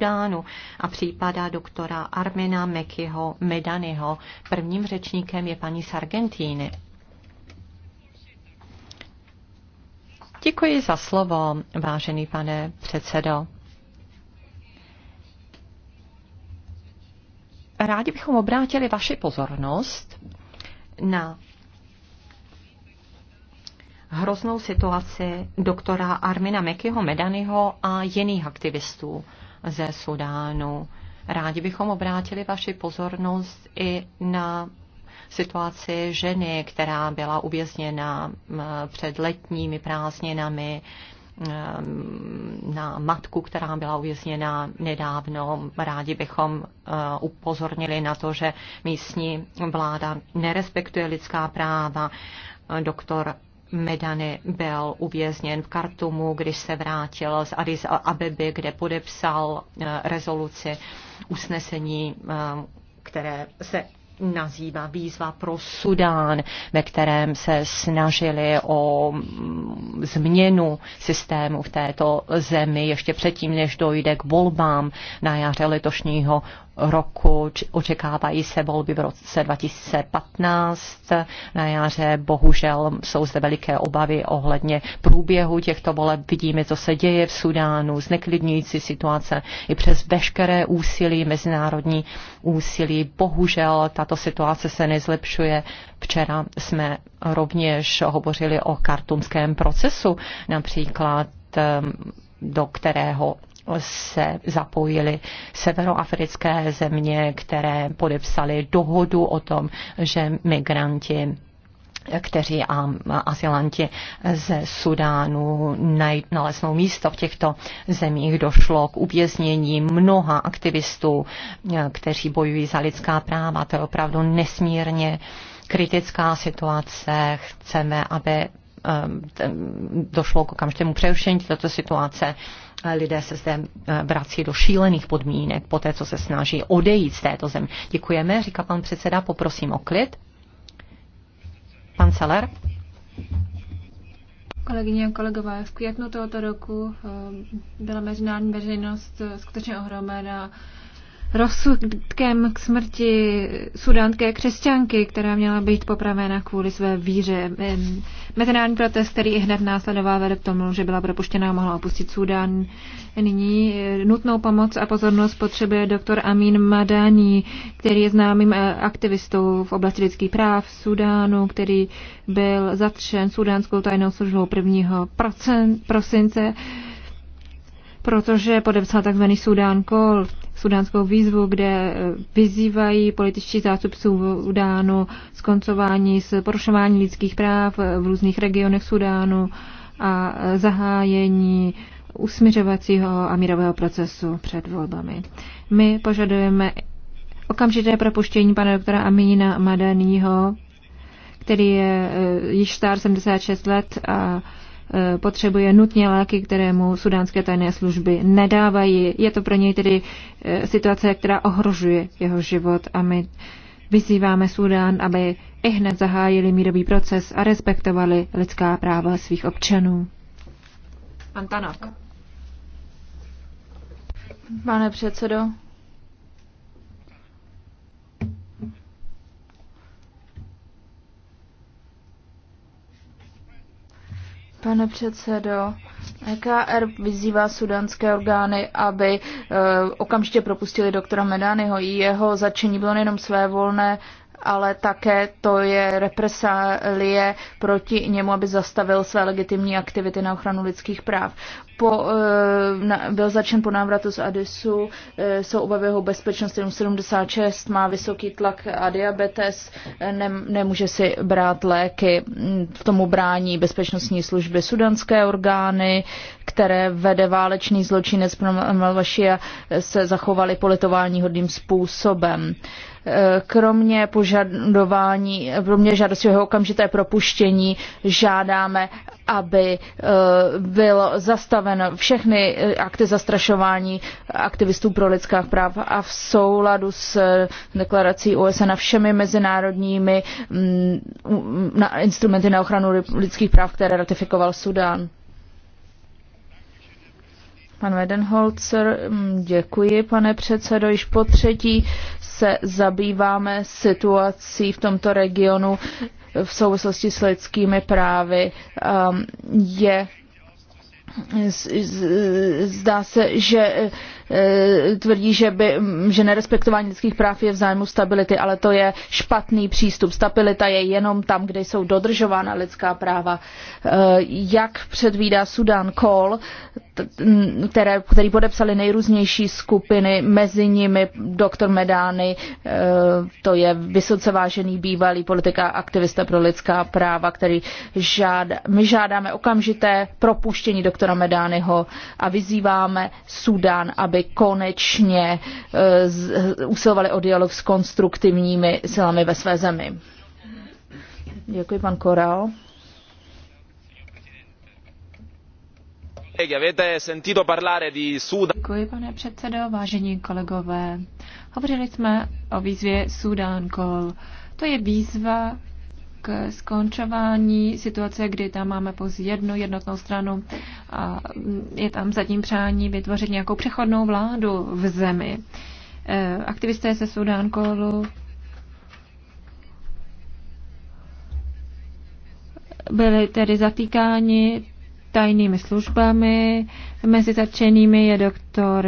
Súdánu a případa doktora Armina Mekyho Medanyho. Prvním řečníkem je paní Argentíny. Děkuji za slovo, vážený pane předsedo. Rádi bychom obrátili vaši pozornost na hroznou situaci doktora Armina Mekyho Medanyho a jiných aktivistů ze Sudánu. Rádi bychom obrátili vaši pozornost i na situaci ženy, která byla uvězněna před letními prázdninami, na matku, která byla uvězněna nedávno. Rádi bychom e, upozornili na to, že místní vláda nerespektuje lidská práva. Doktor Medany byl uvězněn v Kartumu, když se vrátil z Addis Abeby, kde podepsal eh, rezoluci usnesení, eh, které se nazývá výzva pro Sudán, ve kterém se snažili o mm, změnu systému v této zemi ještě předtím, než dojde k volbám na jaře letošního roku. Očekávají se volby v roce 2015 na jaře. Bohužel jsou zde veliké obavy ohledně průběhu těchto voleb. Vidíme, co se děje v Sudánu, zneklidňující situace i přes veškeré úsilí, mezinárodní úsilí. Bohužel tato situace se nezlepšuje. Včera jsme rovněž hovořili o kartumském procesu, například do kterého se zapojily severoafrické země, které podepsaly dohodu o tom, že migranti kteří a asilanti ze Sudánu naleznou místo v těchto zemích. Došlo k uvěznění mnoha aktivistů, kteří bojují za lidská práva. To je opravdu nesmírně kritická situace. Chceme, aby eh, došlo k okamžitému přerušení této situace lidé se zde eh, vrací do šílených podmínek po té, co se snaží odejít z této země. Děkujeme, říká pan předseda, poprosím o klid. Pan Seller. Kolegyně a kolegové, v květnu tohoto roku eh, byla mezinárodní veřejnost eh, skutečně ohromena rozsudkem k smrti sudánské křesťanky, která měla být popravena kvůli své víře. Mezinárodní protest, který i hned následoval, vedl k tomu, že byla propuštěna a mohla opustit Sudán. Nyní e, nutnou pomoc a pozornost potřebuje doktor Amin Madani, který je známým e, aktivistou v oblasti lidských práv v Sudánu, který byl zatčen sudánskou tajnou službou 1. prosince protože podepsal takzvaný Sudán Call sudánskou výzvu, kde e, vyzývají političtí zástupců Sudánu skoncování s porušování lidských práv e, v různých regionech Sudánu a e, zahájení usměřovacího a mírového procesu před volbami. My požadujeme okamžité propuštění pana doktora Amina Madaního, který je již star 76 let a Eh, potřebuje nutně léky, které mu sudánské tajné služby nedávají. Je to pro něj tedy eh, situace, která ohrožuje jeho život a my vyzýváme Sudán, aby i hned zahájili mírový proces a respektovali lidská práva svých občanů. Pan Tanok. Pane předsedo, Pane předsedo, EKR vyzývá sudanské orgány, aby e, okamžitě propustili doktora Medányho. Jeho začení bylo nejenom své volné, ale také to je represálie proti němu, aby zastavil své legitimní aktivity na ochranu lidských práv po, eh, na, byl začen po návratu z Adisu, eh, jsou obavy jeho bezpečnosti 76, má vysoký tlak a diabetes, eh, ne, nemůže si brát léky, hm, v tomu brání bezpečnostní služby sudanské orgány, které vede válečný zločinec pro Malvašia, se zachovali politování hodným způsobem kromě požadování, kromě žádosti o jeho okamžité propuštění, žádáme aby eh, byl zastaven všechny eh, akty zastrašování aktivistů pro lidská práva a v souladu s eh, deklarací OSN a všemi mezinárodními mm, instrumenty na ochranu lidských práv, které ratifikoval Sudán. Pan Wedenholzer, mm, děkuji, pane předsedo. Již po třetí se zabýváme situací v tomto regionu v souvislosti s lidskými právy um, je zdá se, že Eh, tvrdí, že, by, že nerespektování lidských práv je v zájmu stability, ale to je špatný přístup. Stabilita je jenom tam, kde jsou dodržována lidská práva. Eh, jak předvídá Sudan Call, které, který podepsali nejrůznější skupiny, mezi nimi doktor Medány, eh, to je vysoce vážený bývalý politika aktivista pro lidská práva, který žád, my žádáme okamžité propuštění doktora Medányho a vyzýváme Sudán, aby aby konečně eh, eh, usilovali o dialog s konstruktivními silami ve své zemi. Děkuji, pan Koral. Děkuji, pane předsedo, vážení kolegové. Hovořili jsme o výzvě Sudan Call. To je výzva, k skončování situace, kdy tam máme pouze jednu jednotnou stranu a je tam zatím přání vytvořit nějakou přechodnou vládu v zemi. E, aktivisté se Sudán kolu byli tedy zatýkáni tajnými službami. Mezi zatčenými je doktor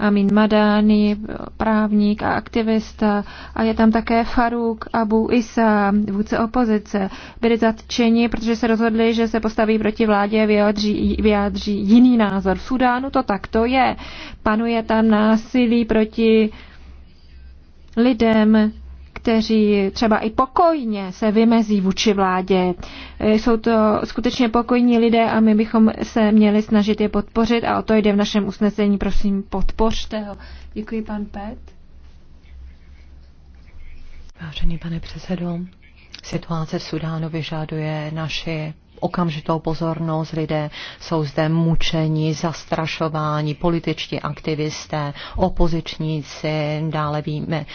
Amin Madani, právník a aktivista. A je tam také Faruk Abu Isa, vůdce opozice. Byli zatčeni, protože se rozhodli, že se postaví proti vládě, vyjádří, vyjádří jiný názor. V Sudánu to takto je. Panuje tam násilí proti lidem, kteří třeba i pokojně se vymezí vůči vládě. E, jsou to skutečně pokojní lidé a my bychom se měli snažit je podpořit a o to jde v našem usnesení. Prosím, podpořte ho. Děkuji, pan Pet. Vážený pane předsedo, situace v Sudánu vyžaduje naši okamžitou pozornost. Lidé jsou zde mučeni, zastrašováni, političtí aktivisté, opozičníci. Dále víme,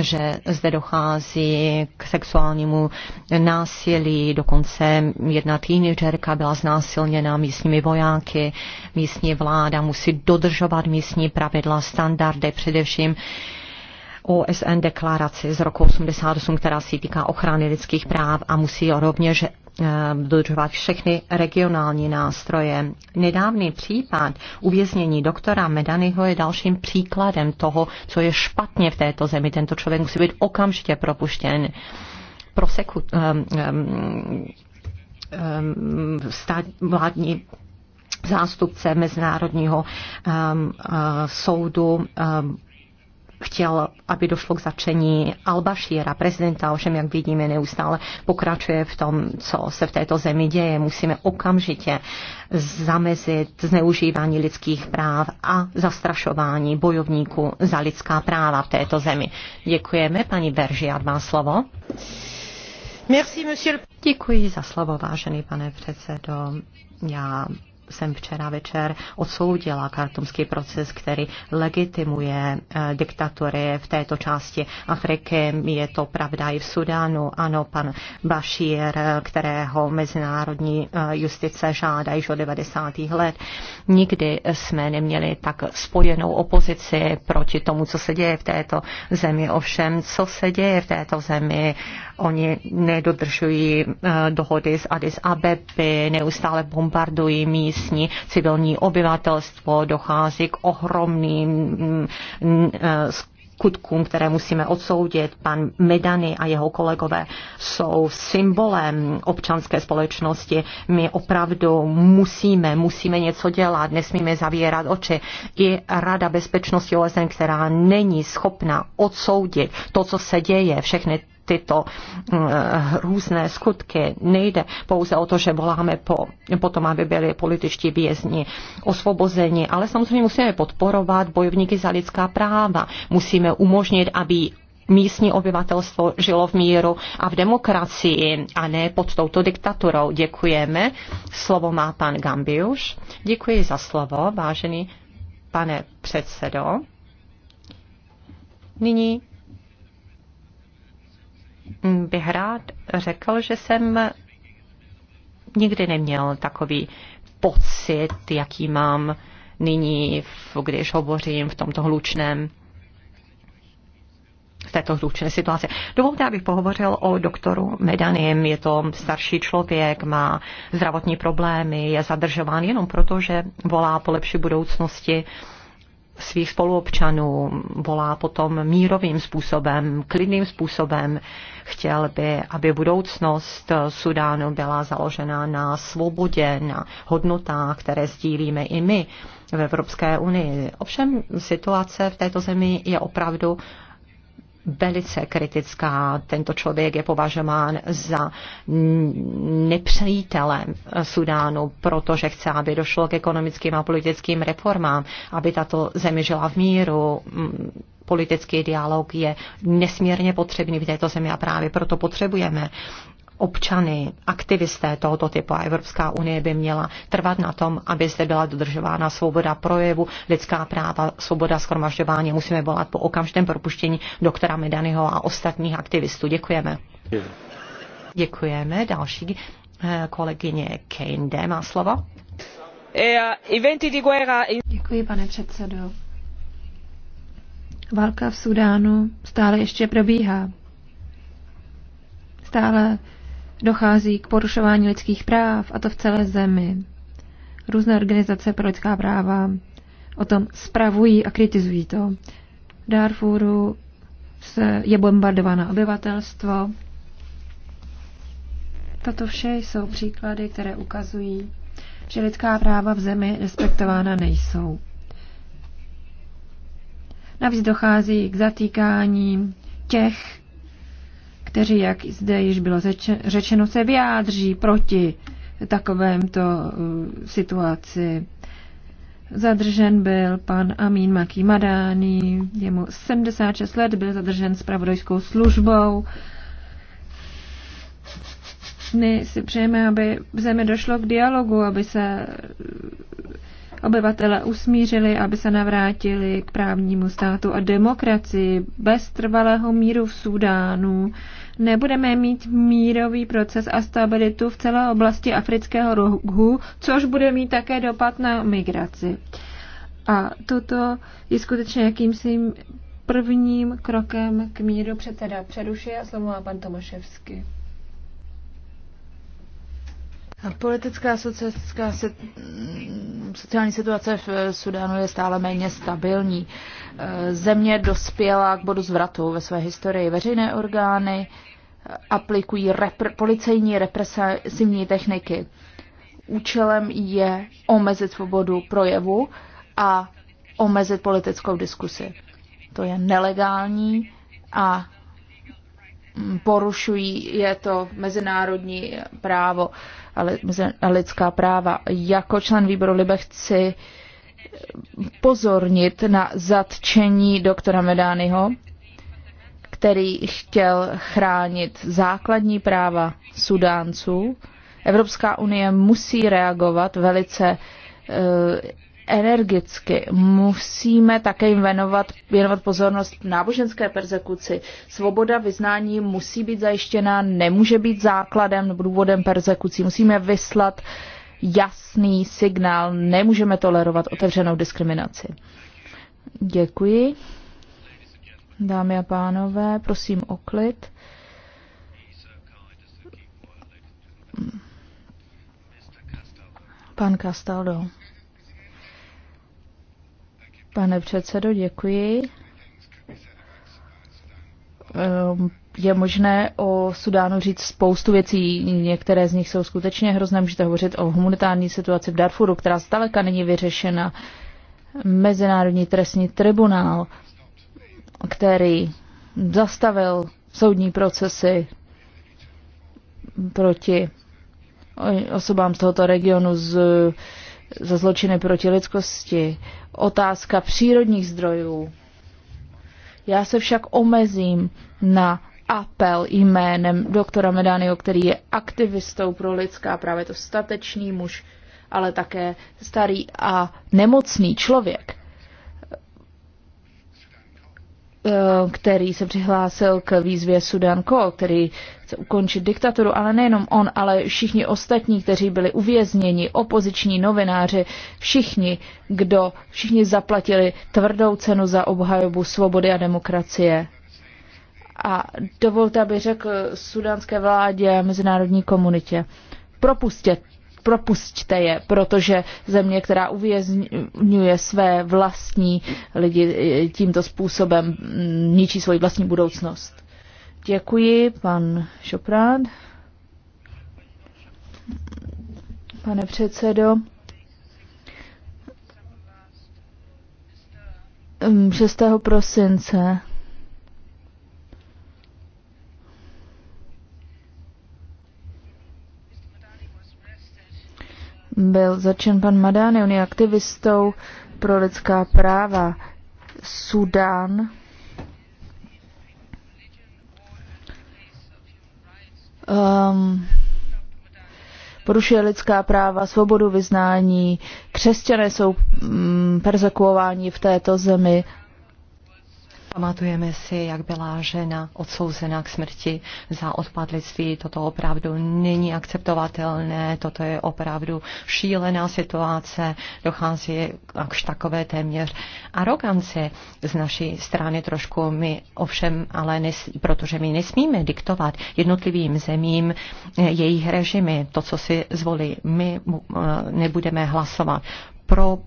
že zde dochází k sexuálnímu násilí. Dokonce jedna teenagerka byla znásilněna místními vojáky. Místní vláda musí dodržovat místní pravidla, standardy, především OSN deklaraci z roku 88, která se týká ochrany lidských práv a musí rovněž Eh, dodržovat všechny regionální nástroje. Nedávný případ uvěznění doktora Medanyho je dalším příkladem toho, co je špatně v této zemi. Tento člověk musí být okamžitě propuštěn. Proseku, um, um, stát, vládní zástupce Mezinárodního um, uh, soudu um, chtěl, aby došlo k začení Albašíra, prezidenta, ovšem, jak vidíme, neustále pokračuje v tom, co se v této zemi děje. Musíme okamžitě zamezit zneužívání lidských práv a zastrašování bojovníků za lidská práva v této zemi. Děkujeme, paní Beržiad má slovo. Děkuji za slovo, vážený pane předsedo. Já jsem včera večer odsoudila kartumský proces, který legitimuje eh, diktatury v této části Afriky. Je to pravda i v Sudánu. Ano, pan Bashir, eh, kterého mezinárodní eh, justice žádá již od 90. let. Nikdy jsme neměli tak spojenou opozici proti tomu, co se děje v této zemi. Ovšem, co se děje v této zemi, oni nedodržují dohody z Addis Abeby, neustále bombardují míst místní civilní obyvatelstvo, dochází k ohromným mm, mm, eh, skutkům, které musíme odsoudit. Pan Medany a jeho kolegové jsou symbolem občanské společnosti. My opravdu musíme, musíme něco dělat, nesmíme zavírat oči. I Rada bezpečnosti OSN, která není schopna odsoudit to, co se děje, všechny tyto mm, různé skutky. Nejde pouze o to, že voláme po, potom, aby byli političtí vězni osvobozeni, ale samozřejmě musíme podporovat bojovníky za lidská práva. Musíme umožnit, aby místní obyvatelstvo žilo v míru a v demokracii a ne pod touto diktaturou. Děkujeme. Slovo má pan Gambiuš. Děkuji za slovo, vážený pane předsedo. Nyní bych rád řekl, že jsem nikdy neměl takový pocit, jaký mám nyní, když hovořím v tomto hlučném v této hlučné situaci. Dovolte, abych pohovořil o doktoru Medanim. Je to starší člověk, má zdravotní problémy, je zadržován jenom proto, že volá po lepší budoucnosti svých spoluobčanů, volá potom mírovým způsobem, klidným způsobem. Chtěl by, aby budoucnost Sudánu byla založena na svobodě, na hodnotách, které sdílíme i my v Evropské unii. Ovšem situace v této zemi je opravdu velice kritická. Tento člověk je považován za nepřítele Sudánu, protože chce, aby došlo k ekonomickým a politickým reformám, aby tato země žila v míru. Mm, politický dialog je nesmírně potřebný v této zemi a právě proto potřebujeme občany, aktivisté tohoto typu a Evropská unie by měla trvat na tom, aby zde byla dodržována svoboda projevu, lidská práva, svoboda schromažďování. Musíme volat po okamžitém propuštění doktora Medanyho a ostatních aktivistů. Děkujeme. Děkujeme. Další eh, kolegyně Kejnde má slovo. Eh, Děkuji, pane předsedo. Válka v Sudánu stále ještě probíhá. Stále dochází k porušování lidských práv, a to v celé zemi. Různé organizace pro lidská práva o tom spravují a kritizují to. V Darfuru se je bombardováno obyvatelstvo. Toto vše jsou příklady, které ukazují, že lidská práva v zemi respektována nejsou. Navíc dochází k zatýkání těch, kteří, jak zde již bylo řečeno, se vyjádří proti takovémto uh, situaci. Zadržen byl pan Amin Maki Madáni, jemu 76 let, byl zadržen spravodajskou službou. My si přejeme, aby v zemi došlo k dialogu, aby se obyvatele usmířili, aby se navrátili k právnímu státu a demokracii bez trvalého míru v Súdánu nebudeme mít mírový proces a stabilitu v celé oblasti afrického rohu, což bude mít také dopad na migraci. A toto je skutečně jakýmsi prvním krokem k míru předseda přerušuje a slovo má pan Tomaševsky. Politická socialistická mm, sociální situace v eh, Sudánu je stále méně stabilní. Eh, země dospěla k bodu zvratu ve své historii. Veřejné orgány eh, aplikují repr- policejní represivní techniky. Účelem je omezit svobodu projevu a omezit politickou diskusi. To je nelegální a porušují, je to mezinárodní právo a lidská práva. Jako člen výboru Libe chci pozornit na zatčení doktora Medányho, který chtěl chránit základní práva Sudánců. Evropská unie musí reagovat velice eh, energicky. Musíme také věnovat, věnovat pozornost náboženské persekuci. Svoboda vyznání musí být zajištěna, nemůže být základem nebo důvodem persekucí. Musíme vyslat jasný signál, nemůžeme tolerovat otevřenou diskriminaci. Děkuji. Dámy a pánové, prosím o klid. Pan Castaldo. Pane předsedo, děkuji. Ehm, je možné o Sudánu říct spoustu věcí, některé z nich jsou skutečně hrozné. Můžete hovořit o humanitární situaci v Darfuru, která zdaleka není vyřešena. Mezinárodní trestní tribunál, který zastavil soudní procesy proti osobám z tohoto regionu z za zločiny proti lidskosti, otázka přírodních zdrojů. Já se však omezím na apel jménem doktora Medanio, který je aktivistou pro lidská práva. Je to statečný muž, ale také starý a nemocný člověk, eh, který se přihlásil k výzvě Sudan Call, který ukončit diktaturu, ale nejenom on, ale všichni ostatní, kteří byli uvězněni, opoziční novináři, všichni, kdo, všichni zaplatili tvrdou cenu za obhajobu svobody a demokracie. A dovolte, aby řekl sudánské vládě a mezinárodní komunitě, propustě, propustte je, protože země, která uvězňuje své vlastní lidi e, tímto způsobem, ničí svoji vlastní budoucnost. Děkuji, pan Šoprád. Pane předsedo, 6. Mm, prosince byl začen pan Madány, on je aktivistou pro lidská práva. Sudán um, porušuje lidská práva, svobodu vyznání, křesťané jsou um, mm, persekuováni v této zemi, Pamatujeme si, jak byla žena odsouzena k smrti za odpadlictví. Toto opravdu není akceptovatelné, toto je opravdu šílená situace, dochází k takové téměř aroganci z naší strany trošku. My ovšem, ale nes, protože my nesmíme diktovat jednotlivým zemím eh, jejich režimy, to, co si zvolí. My eh, nebudeme hlasovat pro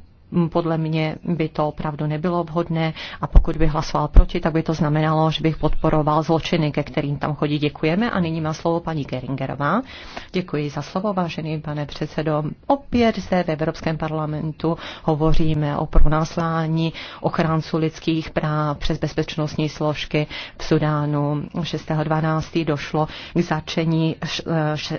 podle mě by to opravdu nebylo vhodné a pokud by hlasoval proti, tak by to znamenalo, že bych podporoval zločiny, ke kterým tam chodí. Děkujeme a nyní má slovo paní Geringerová. Děkuji za slovo, vážený pane předsedo. Opět zde v Evropském parlamentu hovoříme o pronáslání ochránců lidských práv přes bezpečnostní složky v Sudánu. 6.12. došlo k začení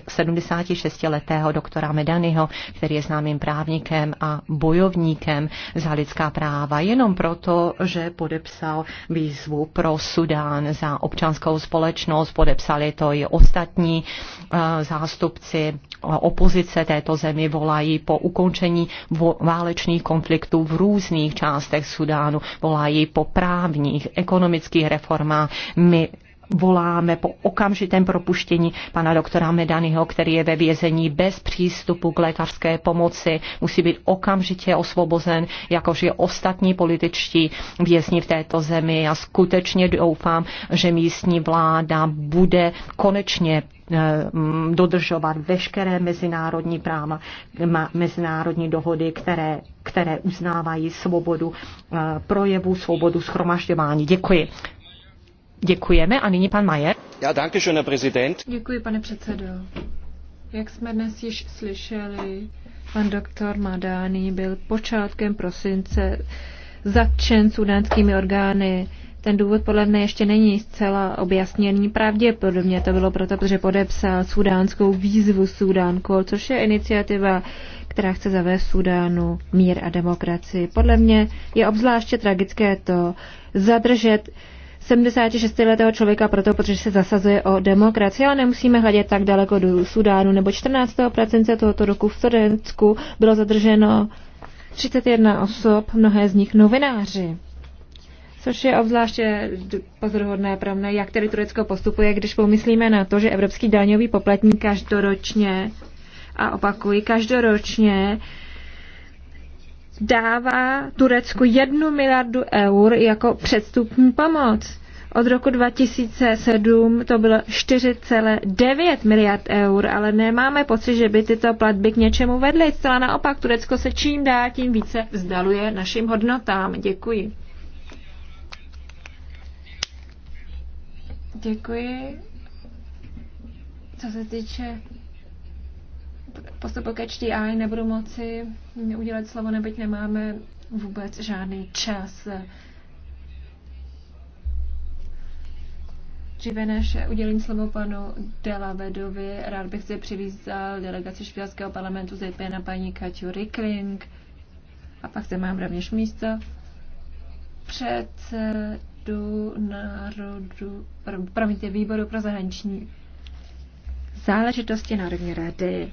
76-letého doktora Medanyho, který je známým právníkem a bojovník bojovníkem za lidská práva jenom proto, že podepsal výzvu pro Sudán za občanskou společnost, podepsali to i ostatní eh, zástupci opozice této zemi volají po ukončení válečných konfliktů v různých částech Sudánu, volají po právních, ekonomických reformách. My voláme po okamžitém propuštění pana doktora Medanyho, který je ve vězení bez přístupu k lékařské pomoci, musí být okamžitě osvobozen, jakož je ostatní političtí vězni v této zemi. Já skutečně doufám, že místní vláda bude konečně eh, mm, dodržovat veškeré mezinárodní práva, mezinárodní dohody, které, které uznávají svobodu eh, projevu, svobodu schromažďování. Děkuji. Děkujeme a nyní pan Majer. Ja, danke schön, Děkuji, pane předsedo. Jak jsme dnes již slyšeli, pan doktor Madány byl počátkem prosince zatčen sudánskými orgány. Ten důvod podle mne ještě není zcela objasněný. Pravděpodobně to bylo proto, protože podepsal sudánskou výzvu Sudánko, což je iniciativa, která chce zavést Sudánu mír a demokracii. Podle mě je obzvláště tragické to zadržet 76-letého člověka proto, protože se zasazuje o demokracii, ale nemusíme hledět tak daleko do Sudánu, nebo 14. prosince tohoto roku v Sudensku bylo zadrženo 31 osob, mnohé z nich novináři. Což je obzvláště pozoruhodné pro mne, jak tedy Turecko postupuje, když pomyslíme na to, že evropský daňový poplatník každoročně, a opakuji, každoročně dává Turecku jednu miliardu eur jako předstupní pomoc. Od roku 2007 to bylo 4,9 miliard eur, ale nemáme pocit, že by tyto platby k něčemu vedly. Zcela naopak, Turecko se čím dá, tím více vzdaluje našim hodnotám. Děkuji. Děkuji. Co se týče postupu ke HDI nebudu moci udělat slovo, neboť nemáme vůbec žádný čas. Dříve než udělím slovo panu Delavedovi, rád bych se přivízal delegaci švýcarského parlamentu, na paní Kaťu Rikling. A pak zde mám rovněž místo předsedu národu, promiňte, výboru pro zahraniční záležitosti Národní rady.